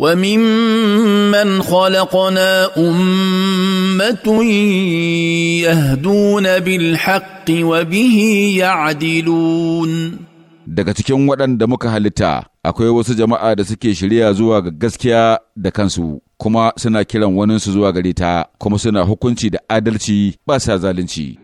وممن خلقنا امه يهدون بالحق وبه يعدلون daga cikin waɗanda muka halitta akwai wasu jama'a da suke shirya zuwa ga gaskiya da kansu kuma suna kiran waninsu zuwa gare ta kuma suna hukunci da adalci ba sa zalunci